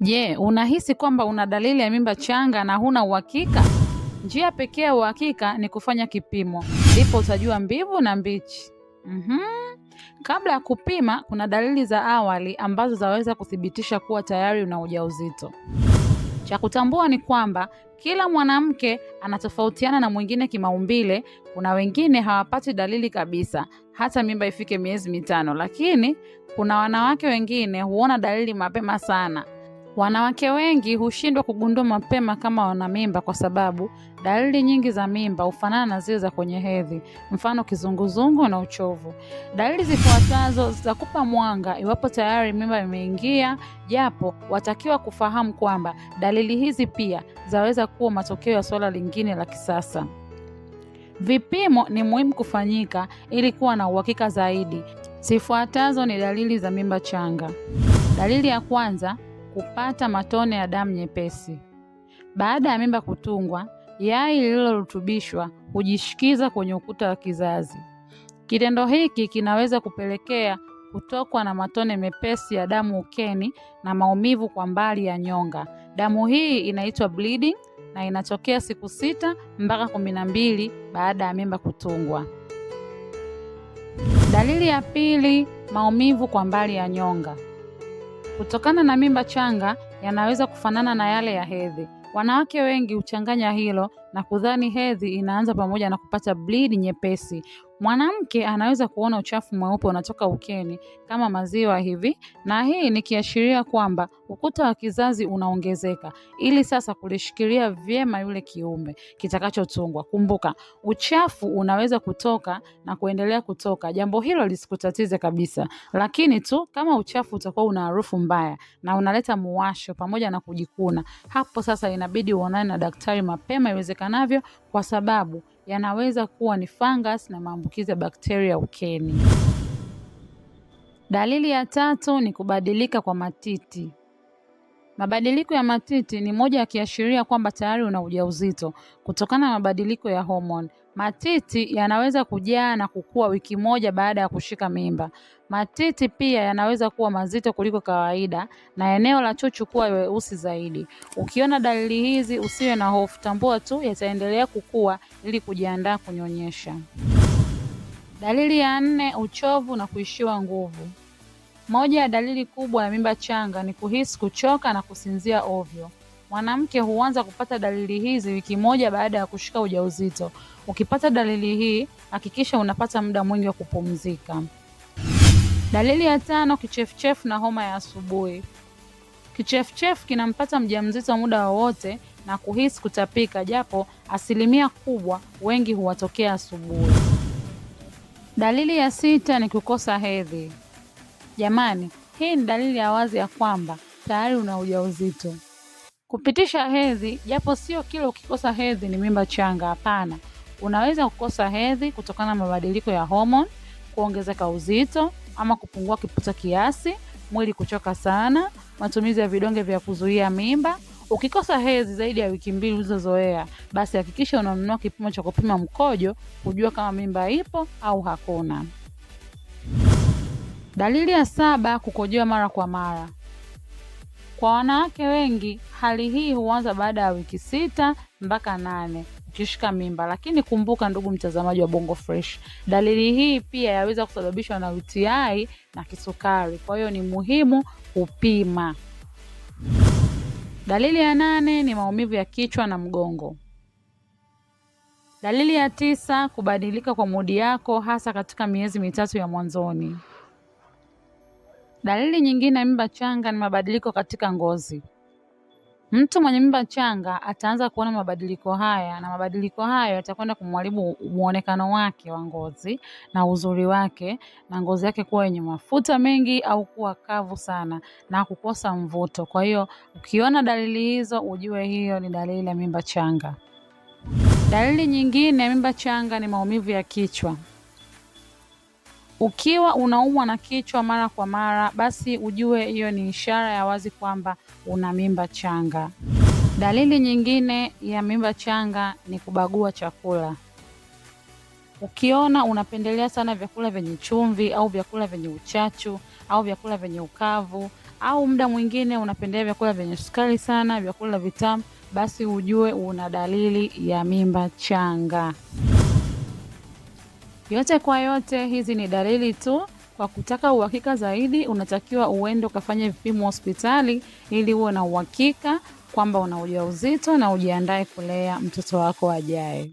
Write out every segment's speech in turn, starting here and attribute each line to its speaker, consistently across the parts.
Speaker 1: Je, yeah, unahisi kwamba una dalili ya mimba changa na huna uhakika? Njia pekee ya uhakika ni kufanya kipimo, ndipo utajua mbivu na mbichi. Mm-hmm. Kabla ya kupima, kuna dalili za awali ambazo zaweza kuthibitisha kuwa tayari una ujauzito. Cha kutambua ni kwamba kila mwanamke anatofautiana na mwingine kimaumbile. Kuna wengine hawapati dalili kabisa hata mimba ifike miezi mitano, lakini kuna wanawake wengine huona dalili mapema sana. Wanawake wengi hushindwa kugundua mapema kama wana mimba kwa sababu dalili nyingi za mimba hufanana na zile za kwenye hedhi, mfano kizunguzungu na uchovu. Dalili zifuatazo zitakupa mwanga iwapo tayari mimba imeingia, japo watakiwa kufahamu kwamba dalili hizi pia zaweza kuwa matokeo ya suala lingine la kisasa. Vipimo ni muhimu kufanyika ili kuwa na uhakika zaidi. Zifuatazo ni dalili za mimba changa. Dalili ya kwanza kupata matone ya damu nyepesi. Baada ya mimba kutungwa, yai lililorutubishwa hujishikiza kwenye ukuta wa kizazi. Kitendo hiki kinaweza kupelekea kutokwa na matone mepesi ya damu ukeni na maumivu kwa mbali ya nyonga. Damu hii inaitwa bleeding na inatokea siku sita mpaka kumi na mbili baada ya mimba kutungwa. Dalili ya pili, maumivu kwa mbali ya nyonga. Kutokana na mimba changa yanaweza kufanana na yale ya hedhi. Wanawake wengi huchanganya hilo na kudhani hedhi inaanza pamoja na kupata bleed nyepesi. Mwanamke anaweza kuona uchafu mweupe unatoka ukeni kama maziwa hivi, na hii ni kiashiria kwamba ukuta wa kizazi unaongezeka, ili sasa kulishikilia vyema yule kiumbe kitakachotungwa. Kumbuka, uchafu unaweza kutoka na kuendelea kutoka, jambo hilo lisikutatize kabisa, lakini tu kama uchafu utakuwa una harufu mbaya na unaleta muwasho pamoja na kujikuna, hapo sasa inabidi uonane na daktari mapema iweze iwezekanavyo, kwa sababu yanaweza kuwa ni fungus na maambukizi ya bakteria ukeni. Dalili ya tatu ni kubadilika kwa matiti. Mabadiliko ya matiti ni moja ya kiashiria kwamba tayari una ujauzito kutokana na mabadiliko ya homoni Matiti yanaweza kujaa na kukua wiki moja baada ya kushika mimba. Matiti pia yanaweza kuwa mazito kuliko kawaida na eneo la chuchu kuwa weusi zaidi. Ukiona dalili hizi, usiwe na hofu, tambua tu yataendelea kukua ili kujiandaa kunyonyesha. Dalili ya nne, uchovu na kuishiwa nguvu. Moja ya dalili kubwa ya mimba changa ni kuhisi kuchoka na kusinzia ovyo. Mwanamke huanza kupata dalili hizi wiki moja baada ya kushika ujauzito. Ukipata dalili hii, hakikisha unapata muda mwingi wa kupumzika. Dalili ya tano, kichefuchefu na homa ya asubuhi. Kichefuchefu kinampata mjamzito muda wowote na kuhisi kutapika, japo asilimia kubwa wengi huwatokea asubuhi. Dalili ya sita ni kukosa hedhi. Jamani, hii ni dalili ya wazi ya kwamba tayari una ujauzito. Kupitisha hedhi, japo sio kila ukikosa hedhi ni mimba changa, hapana. Unaweza kukosa hedhi kutokana na mabadiliko ya homoni, kuongezeka uzito ama kupungua kiputa kiasi, mwili kuchoka sana, matumizi ya vidonge vya kuzuia mimba. Ukikosa hedhi zaidi ya wiki mbili ulizozoea, basi hakikisha unanunua kipimo cha kupima mkojo kujua kama mimba ipo au hakuna. Dalili ya saba, kukojoa mara kwa mara. Kwa wanawake wengi hali hii huanza baada ya wiki sita mpaka nane ukishika mimba, lakini kumbuka, ndugu mtazamaji wa Bongo Fresh, dalili hii pia yaweza kusababishwa na UTI na kisukari, kwa hiyo ni muhimu kupima. Dalili ya nane ni maumivu ya kichwa na mgongo. Dalili ya tisa, kubadilika kwa mudi yako hasa katika miezi mitatu ya mwanzoni. Dalili nyingine ya mimba changa ni mabadiliko katika ngozi. Mtu mwenye mimba changa ataanza kuona mabadiliko haya na mabadiliko hayo yatakwenda kumharibu muonekano wake wa ngozi na uzuri wake na ngozi yake kuwa yenye mafuta mengi au kuwa kavu sana na kukosa mvuto. Kwa hiyo ukiona dalili hizo, ujue hiyo ni dalili ya mimba changa. Dalili nyingine ya mimba changa ni maumivu ya kichwa. Ukiwa unaumwa na kichwa mara kwa mara, basi ujue hiyo ni ishara ya wazi kwamba una mimba changa. Dalili nyingine ya mimba changa ni kubagua chakula. Ukiona unapendelea sana vyakula vyenye chumvi au vyakula vyenye uchachu au vyakula vyenye ukavu au muda mwingine unapendelea vyakula vyenye sukari sana, vyakula vitamu, basi ujue una dalili ya mimba changa. Yote kwa yote, hizi ni dalili tu. Kwa kutaka uhakika zaidi, unatakiwa uende ukafanye vipimo hospitali ili uwe na uhakika kwamba una ujauzito na ujiandae kulea mtoto wako ajaye.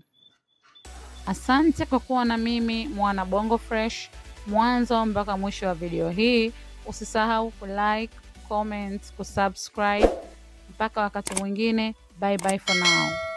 Speaker 1: Asante kwa kuwa na mimi mwana Bongo Fresh mwanzo mpaka mwisho wa video hii. Usisahau kulike, comment, kusubscribe. Mpaka wakati mwingine, bye bye for now.